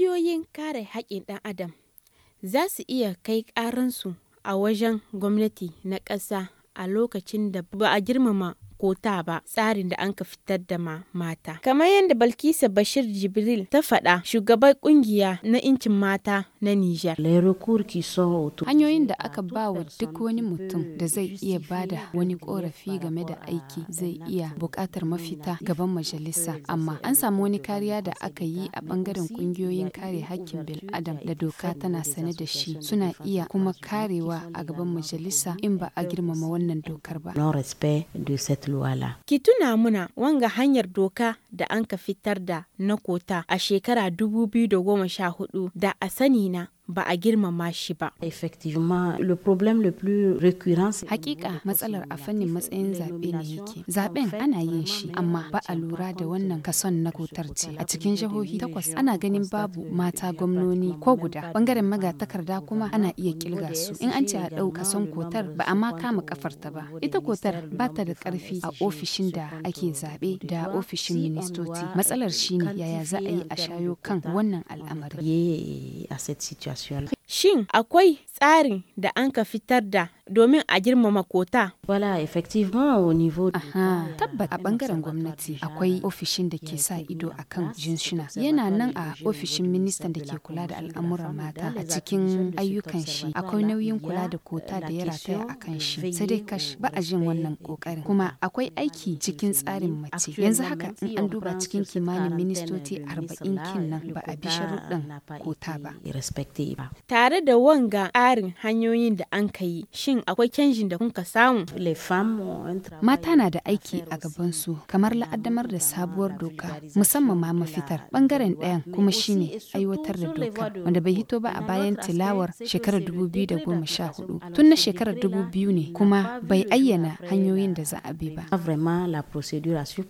Ƙungiyoyin kare haƙƙin ɗan adam za su iya kai ƙaransu a wajen gwamnati na ƙasa a lokacin da ba a girmama ko ta ba tsarin da an ka fitar da ma mata. Kamar yadda Balkisa Bashir Jibril ta faɗa shugaban ƙungiya na incin mata na Nijar. Hanyoyin da aka ba wa duk wani mutum da zai iya ba da wani ƙorafi game da aiki zai iya buƙatar mafita gaban majalisa amma an samu wani kariya da aka yi a ɓangaren ƙungiyoyin kare hakkin bil'adam da doka tana sane da shi suna iya kuma karewa a gaban majalisa in ba a girmama wannan dokar ba. Luwala. Ki tuna muna wanga hanyar doka da an ka fitar da na kota a shekara 2014 da a sani na ba a girmama shi ba. Hakika matsalar a fannin matsayin zaɓe ne yake. Zaɓen ana yin shi amma ba a lura da wannan kason na kotar ce. A cikin jihohi takwas ana ganin babu mata gwamnoni ko guda. Bangaren magatakarda kuma ana iya kilga su. In an ce a ɗau kason kotar ba a ma kama kafarta ba. Ita kotar ba ta da ƙarfi a ofishin da ake zaɓe da ofishin ministoci matsalar shine yaya za a yi a shayo kan wannan al'amarin shin akwai tsarin da an ka fitar da domin a girmama kota. Wala effectivement au niveau Tabbat a bangaren gwamnati akwai ofishin da ke sa ido a kan jinsuna. Yana nan a ofishin ministan da ke kula da al'amuran mata a cikin ayyukan shi akwai nauyin kula da kota da ya rataya a kan shi. Sadai kash ba a jin wannan kokarin. Kuma akwai aiki cikin tsarin mace. Yanzu haka in an duba cikin kimanin ministoci arba'in kin nan ba a bi sharuɗin kota ba. Tare da wanga ƙarin hanyoyin da an kai shin shin akwai canjin da kun ka samu? Mata na da aiki a gabansu kamar la'addamar da sabuwar doka musamman ma mafitar bangaren ɗayan kuma shine aiwatar da doka wanda bai hito ba a bayan tilawar shekarar 2014 tun na shekarar 2000 ne kuma bai ayyana hanyoyin da za a bi ba.